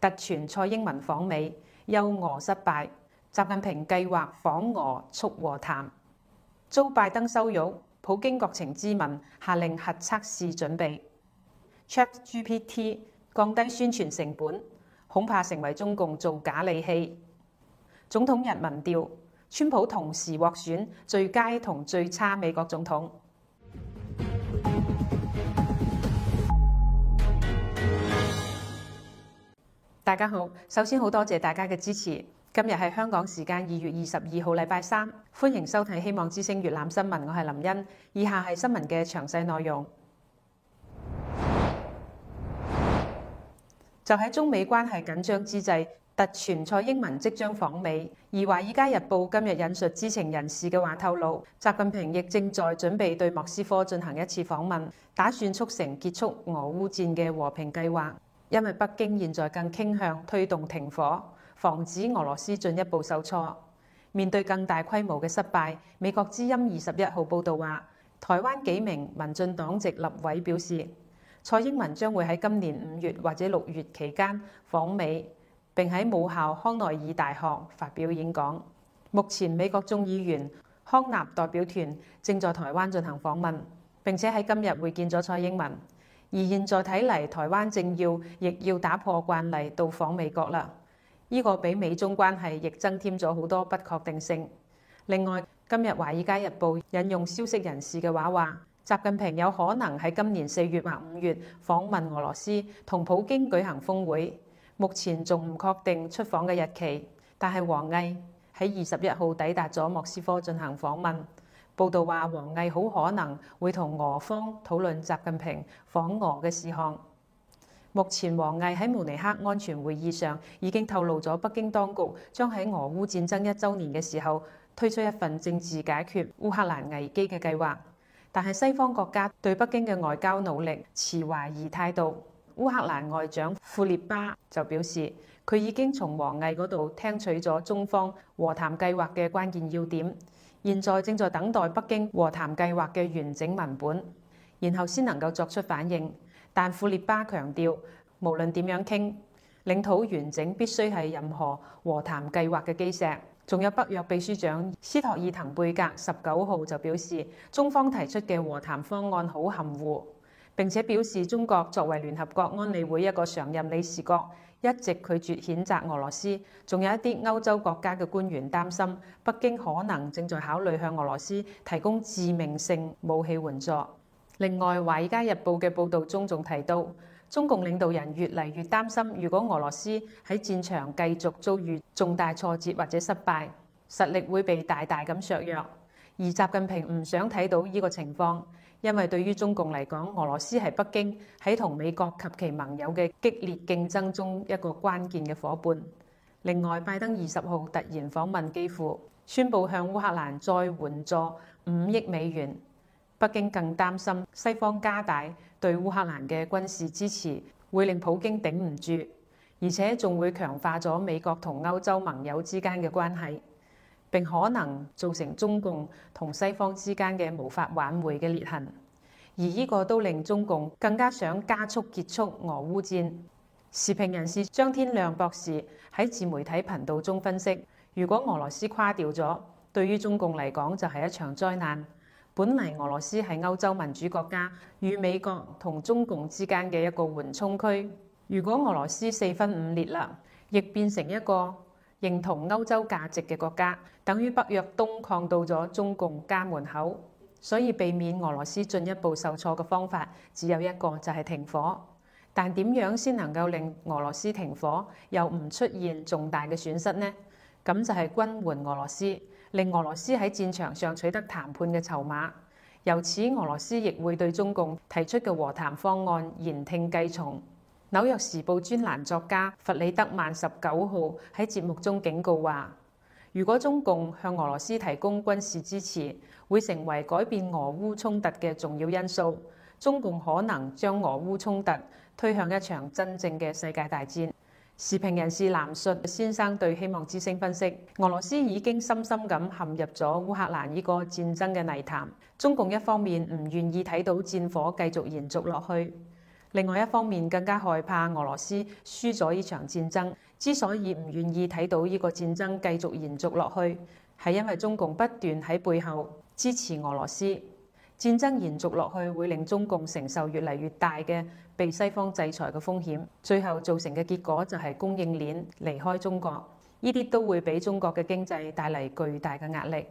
突傳蔡英文訪美，憂俄失敗，習近平計劃訪俄促和談。遭拜登羞辱，普京國情咨文下令核測試準備。Chat GPT 降低宣傳成本，恐怕成為中共造假利器。總統日民調，川普同時獲選最佳同最差美國總統。大家好，首先好多謝大家嘅支持。今日係香港時間二月二十二號，禮拜三，歡迎收睇《希望之聲》粵覽新聞。我係林茵。以下係新聞嘅詳細內容。 就喺中美關係緊張之際，突傳蔡英文即將訪美，而《華爾街日報》今日引述知情人士嘅話透露，習近平亦正在準備對莫斯科進行一次訪問，打算促成結束俄烏戰嘅和平計劃。因為北京現在更傾向推動停火，防止俄羅斯進一步受挫。面對更大規模嘅失敗，美國之音二十一號報導話，台灣幾名民進黨籍立委表示，蔡英文將會喺今年五月或者六月期間訪美，並喺母校康奈爾大學發表演講。目前美國眾議員康納代表團正在台灣進行訪問，並且喺今日會見咗蔡英文。而現在睇嚟，台灣政要亦要打破慣例到訪美國啦，呢個比美中關係亦增添咗好多不確定性。另外，今日《華爾街日報》引用消息人士嘅話，話習近平有可能喺今年四月或五月訪問俄羅斯，同普京舉行峰會。目前仲唔確定出訪嘅日期，但係王毅喺二十一號抵達咗莫斯科進行訪問。報道話，王毅好可能會同俄方討論習近平訪俄嘅事項。目前，王毅喺慕尼黑安全會議上已經透露咗，北京當局將喺俄烏戰爭一週年嘅時候推出一份政治解決烏克蘭危機嘅計劃。但係西方國家對北京嘅外交努力持懷疑態度。烏克蘭外長庫列巴就表示，佢已經從王毅嗰度聽取咗中方和談計劃嘅關鍵要點。現在正在等待北京和談計劃嘅完整文本，然後先能夠作出反應。但庫列巴強調，無論點樣傾，領土完整必須係任何和談計劃嘅基石。仲有北約秘書長斯托爾滕貝格十九號就表示，中方提出嘅和談方案好含糊，並且表示，中國作為聯合國安理會一個常任理事國，一直拒絕譴責俄羅斯，仲有一啲歐洲國家嘅官員擔心北京可能正在考慮向俄羅斯提供致命性武器援助。另外，《華爾街日報》嘅報導中仲提到，中共領導人越嚟越擔心，如果俄羅斯喺戰場繼續遭遇重大挫折或者失敗，實力會被大大咁削弱，而習近平唔想睇到呢個情況。因為對於中共嚟講，俄羅斯係北京喺同美國及其盟友嘅激烈競爭中一個關鍵嘅伙伴。另外，拜登二十號突然訪問基輔，宣布向烏克蘭再援助五億美元。北京更擔心西方加大對烏克蘭嘅軍事支持會令普京頂唔住，而且仲會強化咗美國同歐洲盟友之間嘅關係。並可能造成中共同西方之間嘅無法挽回嘅裂痕，而呢個都令中共更加想加速結束俄烏戰。時評人士張天亮博士喺自媒體頻道中分析：如果俄羅斯垮掉咗，對於中共嚟講就係一場災難。本嚟俄羅斯係歐洲民主國家與美國同中共之間嘅一個緩衝區，如果俄羅斯四分五裂啦，亦變成一個認同歐洲價值嘅國家，等於北約東擴到咗中共家門口，所以避免俄羅斯進一步受挫嘅方法，只有一個就係停火。但點樣先能夠令俄羅斯停火，又唔出現重大嘅損失呢？咁就係軍援俄羅斯，令俄羅斯喺戰場上取得談判嘅籌碼，由此俄羅斯亦會對中共提出嘅和談方案言聽計從。《紐約時報》專欄作家弗里德曼十九號喺節目中警告話，如果中共向俄羅斯提供軍事支持，會成為改變俄烏衝突嘅重要因素。中共可能將俄烏衝突推向一場真正嘅世界大戰。時評人士藍述先生對希望之星分析，俄羅斯已經深深咁陷入咗烏克蘭呢個戰爭嘅泥潭。中共一方面唔願意睇到戰火繼續延續落去。另外一方面，更加害怕俄羅斯輸咗呢場戰爭，之所以唔願意睇到呢個戰爭繼續延續落去，係因為中共不斷喺背後支持俄羅斯。戰爭延續落去會令中共承受越嚟越大嘅被西方制裁嘅風險，最後造成嘅結果就係供應鏈離開中國，呢啲都會俾中國嘅經濟帶嚟巨大嘅壓力。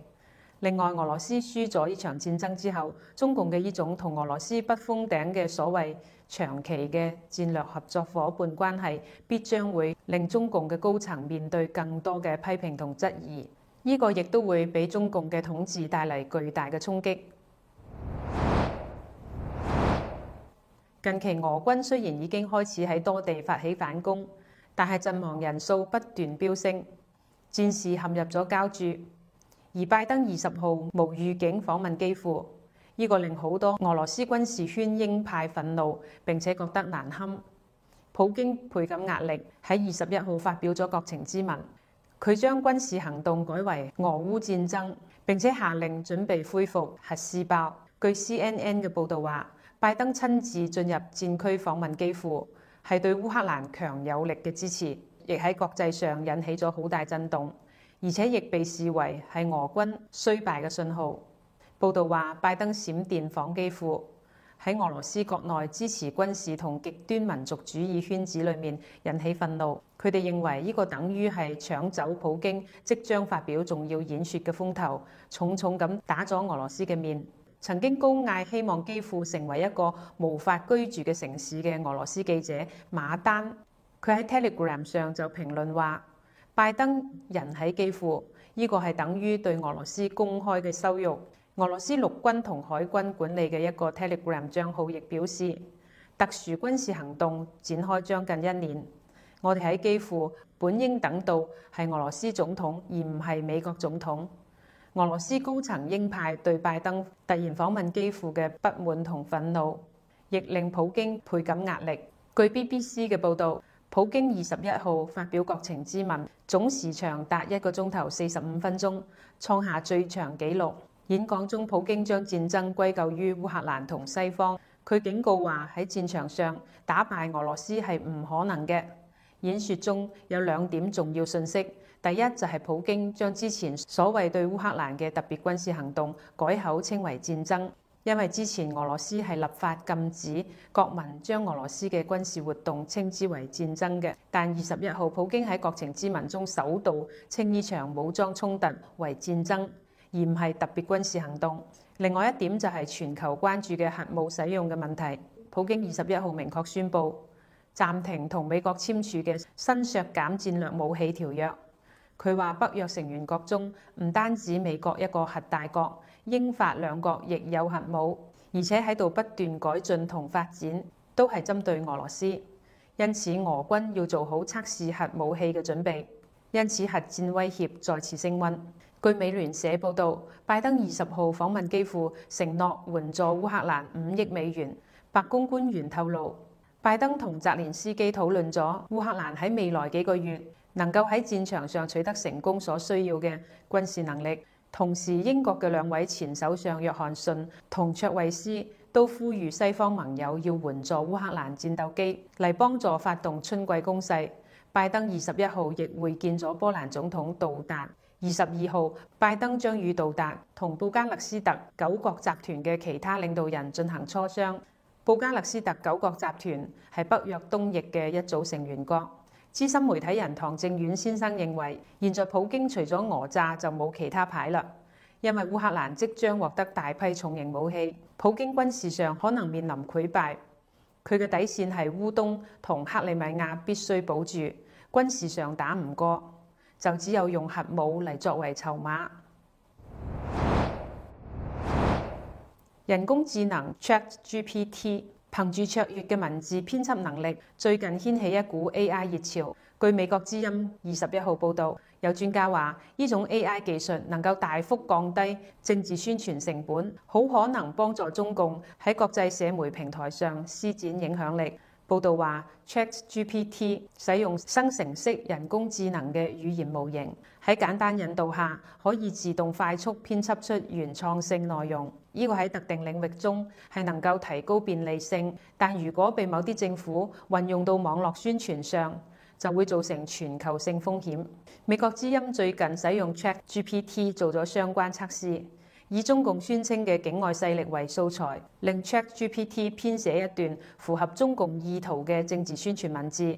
另外，俄羅斯輸咗呢場戰爭之後，中共嘅呢種同俄羅斯不封頂嘅所謂長期嘅戰略合作伙伴關係，必將會令中共嘅高層面對更多嘅批評同質疑。呢、這個亦都會俾中共嘅統治帶嚟巨大嘅衝擊。近期俄軍雖然已經開始喺多地發起反攻，但係陣亡人數不斷飆升，戰事陷入咗膠著。而拜登二十號無預警訪問基輔，呢、呢個令好多俄羅斯軍事圈鷹派憤怒並且覺得難堪。普京倍感壓力，喺二十一號發表咗國情咨文。佢將軍事行動改為俄烏戰爭，並且下令準備恢復核試爆。據 CNN 嘅報導話，拜登親自進入戰區訪問基輔，係對烏克蘭強有力嘅支持，亦喺國際上引起咗好大震動。而且亦被視為係俄軍衰敗嘅信號。報道話，拜登閃電訪基輔，喺俄羅斯國內支持軍事同極端民族主義圈子裏面引起憤怒。佢哋認為呢個等於係搶走普京即將發表重要演說嘅風頭，重重咁打咗俄羅斯嘅面。曾經高嗌希望基輔成為一個無法居住嘅城市嘅俄羅斯記者馬丹，佢喺 Telegram 上就評論話。拜登人喺基輔，呢個係等於對俄羅斯公開嘅羞辱。俄羅斯陸軍同海軍管理嘅一個 Telegram 帳號亦表示，特殊軍事行動展開將近一年，我哋喺基輔本應等到係俄羅斯總統，而唔係美國總統。俄羅斯高層鷹派對拜登突然訪問基輔嘅不滿同憤怒，亦令普京倍感壓力。據 BBC 嘅報導。普京二十一號發表國情咨文，總時長達一個鐘頭四十五分鐘，創下最長紀錄。演講中，普京將戰爭歸咎於烏克蘭同西方。佢警告話喺戰場上打敗俄羅斯係唔可能嘅。演説中有兩點重要信息，第一就係普京將之前所謂對烏克蘭嘅特別軍事行動改口稱為戰爭。因為之前俄羅斯係立法禁止國民將俄羅斯嘅軍事活動稱之為戰爭嘅，但二十一號普京喺國情咨文中首度稱呢場武裝衝突為戰爭，而唔係特別軍事行動。另外一點就係全球關注嘅核武使用嘅問題。普京二十一號明確宣布暫停同美國簽署嘅新削減戰略武器條約。佢話北約成員國中唔單止美國一個核大國。英法兩國亦有核武，而且喺度不斷改進同發展，都係針對俄羅斯。因此，俄軍要做好測試核武器嘅準備。因此，核戰威脅再次升溫。據美聯社報導，拜登二十號訪問基輔，承諾援助烏克蘭五億美元。白宮官員透露，拜登同澤連斯基討論咗烏克蘭喺未來幾個月能夠喺戰場上取得成功所需要嘅軍事能力。同時，英國嘅兩位前首相約翰遜同卓惠斯都呼籲西方盟友要援助烏克蘭戰鬥機，嚟幫助發動春季攻勢。拜登二十一號亦會見咗波蘭總統杜達。二十二號，拜登將與杜達同布加勒斯特九國集團嘅其他領導人進行磋商。布加勒斯特九國集團係北約東翼嘅一組成員國。資深媒體人唐正遠先生認為，現在普京除咗訛詐就冇其他牌啦，因為烏克蘭即將獲得大批重型武器，普京軍事上可能面臨潰敗。佢嘅底線係烏東同克里米亞必須保住，軍事上打唔過，就只有用核武嚟作為籌碼。人工智能 ChatGPT，憑住卓越嘅文字編輯能力，最近掀起一股 AI 熱潮。據美國之音二十一號報導，有專家話：呢種 AI 技術能夠大幅降低政治宣傳成本，好可能幫助中共喺國際社媒平台上施展影響力。報導話，ChatGPT 使用生成式人工智能嘅語言模型，喺簡單引導下，可以自動快速編輯出原創性內容。呢個喺特定領域中係能夠提高便利性，但如果被某啲政府運用到網絡宣傳上，就會造成全球性風險。美國之音最近使用 Chat GPT 做咗相關測試，以中共宣稱嘅境外勢力為素材，令 Chat GPT 編寫一段符合中共意圖嘅政治宣傳文字，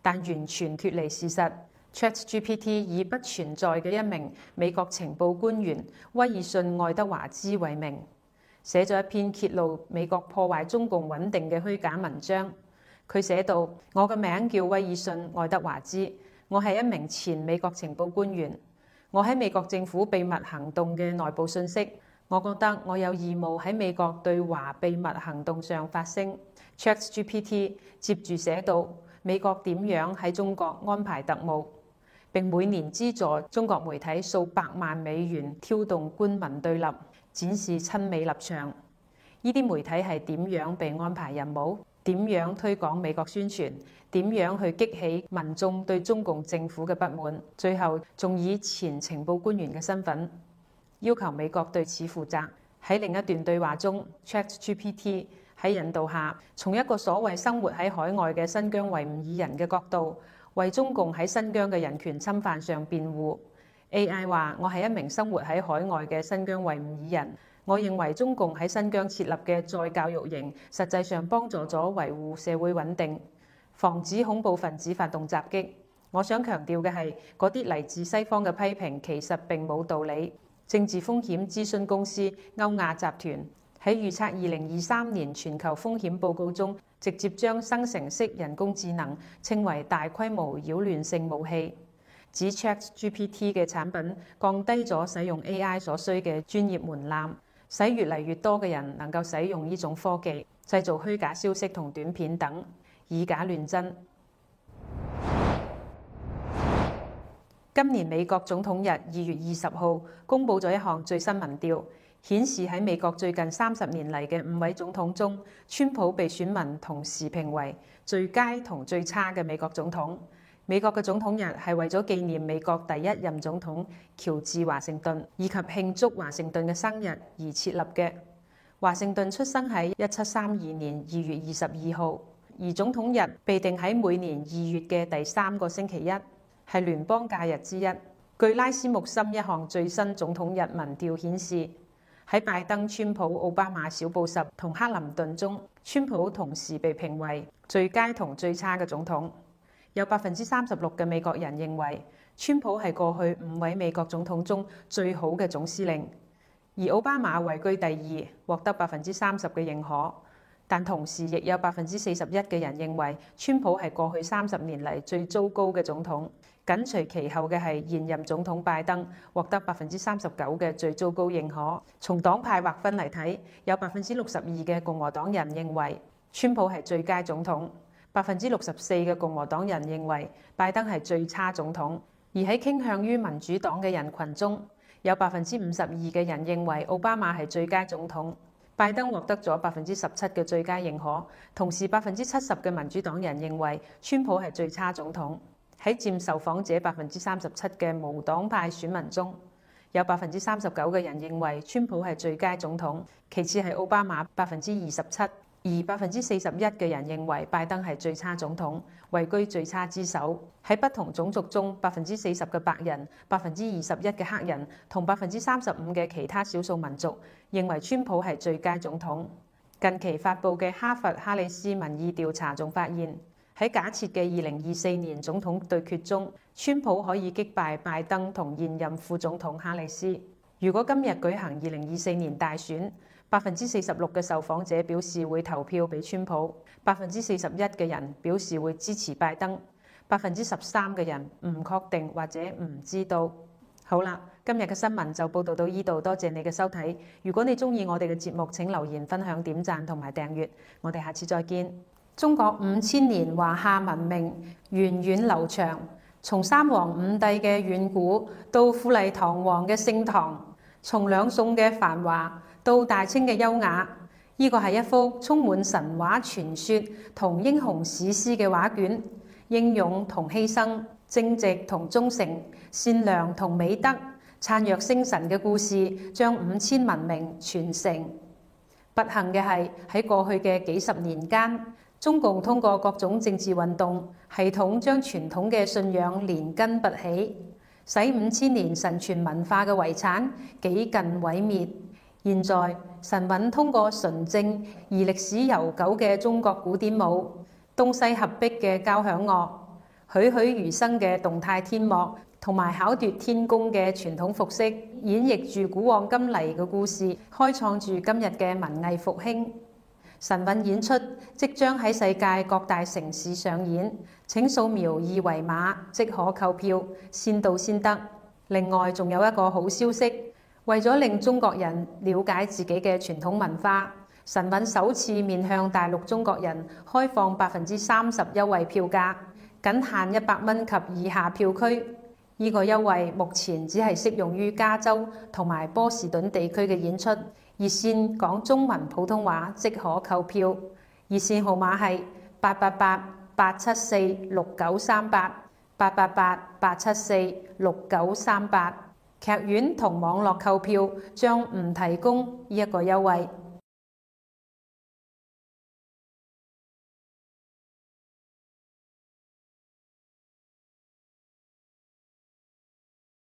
但完全脫離事實。Chat GPT 以不存在嘅一名美國情報官員威爾遜愛德華茲為名。寫咗一篇揭露美國破壞中共穩定嘅虛假文章。佢寫道： 我嘅名叫威爾遜愛德華茲，我係一名前美國情報官員。我喺美國政府秘密行動嘅內部信息，我覺得我有義務喺美國對華秘密行動上發聲。 ChatGPT 接住寫道：美國點樣喺中國安排特務？並每年資助中國媒體數百萬美元挑動官民對立。展示親美立場，呢啲媒體係點樣被安排任務？點樣推廣美國宣傳？點樣去激起民眾對中共政府嘅不滿？最後仲以前情報官員嘅身份要求美國對此負責。喺另一段對話中，ChatGPT 喺引導下，從一個所謂生活喺海外嘅新疆維吾爾人嘅角度，為中共喺新疆嘅人權侵犯上辯護。AI 話：我係一名生活喺海外嘅新疆維吾爾人。我認為中共喺新疆設立嘅再教育營，實際上幫助咗維護社會穩定，防止恐怖分子發動襲擊。我想強調嘅係，嗰啲嚟自西方嘅批評其實並冇道理。政治風險諮詢公司歐亞集團喺預測二零二三年全球風險報告中，直接將生成式人工智能稱為大規模擾亂性武器。指 ChatGPT 嘅產品降低咗使用 AI 所需嘅專業門檻，使越嚟越多嘅人能夠使用呢種科技，製造虛假消息同短片等，以假亂真。今年美國總統日二月二十號公佈咗一項最新民調，顯示喺美國最近三十年嚟嘅五位總統中，川普被選民同時評為最佳同最差嘅美國總統。美國嘅總統日係為咗紀念美國第一任總統喬治華盛頓以及慶祝華盛頓嘅生日而設立嘅。華盛頓出生喺一七三二年二月二十二號，而總統日被定喺每年二月嘅第三個星期一，係聯邦假日之一。據拉斯穆森一項最新總統日民調顯示，喺拜登、川普、奧巴馬、小布什同克林頓中，川普同時被評為最佳同最差嘅總統。有百分之三十六嘅美國人認為川普係過去五位美國總統中最好嘅總司令，而奧巴馬位居第二，獲得百分之三十嘅認可。但同時亦有百分之四十一嘅人認為川普係過去三十年嚟最糟糕嘅總統。緊隨其後嘅係現任總統拜登，獲得百分之三十九嘅最糟糕認可。從黨派劃分嚟睇，有百分之六十二嘅共和黨人認為川普係最佳總統。百分之六十四嘅共和黨人認為拜登係最差總統，而喺傾向於民主黨嘅人群中，有百分之五十二嘅人認為奧巴馬係最佳總統，拜登獲得咗百分之十七嘅最佳認可，同時百分之七十嘅民主黨人認為川普係最差總統，喺佔受訪者百分之三十七嘅無黨派選民中，有百分之三十九嘅人認為川普係最佳總統，其次係奧巴馬百分之二十七。而百分之四十一嘅人認為拜登係最差總統，位居最差之首。喺不同種族中，百分之四十嘅白人、百分之二十一嘅黑人同百分之三十五嘅其他少數民族認為川普係最佳總統。近期發布嘅哈佛哈里斯民意調查仲發現，喺假設嘅二零二四年總統對決中，川普可以擊敗拜，拜登同現任副總統哈里斯。如果今日舉行二零二四年大選，百分之四十六嘅受訪者表示會投票俾川普，百分之四十一嘅人表示會支持拜登，百分之十三嘅人唔確定或者唔知道。好啦，今日嘅新聞就報道到呢度，多謝你嘅收睇。如果你中意我哋嘅節目，請留言分享、點贊同埋訂閱。我哋下次再見。中國五千年華夏文明源遠流長，從三皇五帝嘅遠古到富麗堂皇嘅盛唐，從兩宋嘅繁華，到大清嘅優雅，呢個係一幅充滿神話傳說同英雄史詩嘅畫卷，英勇同犧牲、正直同忠誠、善良同美德、燦若星辰嘅故事，將五千文明傳承。不幸嘅係喺過去嘅幾十年間，中共通過各種政治運動，係統將傳統嘅信仰連根拔起，使五千年神傳文化嘅遺產幾近毀滅。現在，神韻通過純正而歷史悠久嘅中國古典舞、東西合璧嘅交響樂、栩栩如生嘅動態天幕，同埋巧奪天工嘅傳統服飾，演繹住古往今嚟嘅故事，開創住今日嘅文藝復興。神韻演出即將喺世界各大城市上演，請掃描二維碼即可購票，先到先得。另外，仲有一個好消息。為咗令中國人了解自己嘅傳統文化，神韻首次面向大陸中國人開放百分之三十優惠票價，僅限一百蚊及以下票區。呢、這個優惠目前只係適用於加州同埋波士頓地區嘅演出。熱線講中文普通話即可購票，熱線號碼係八八八八七四六九三八八八八八七四六九三八。劇院同網絡購票將唔提供呢一個優惠。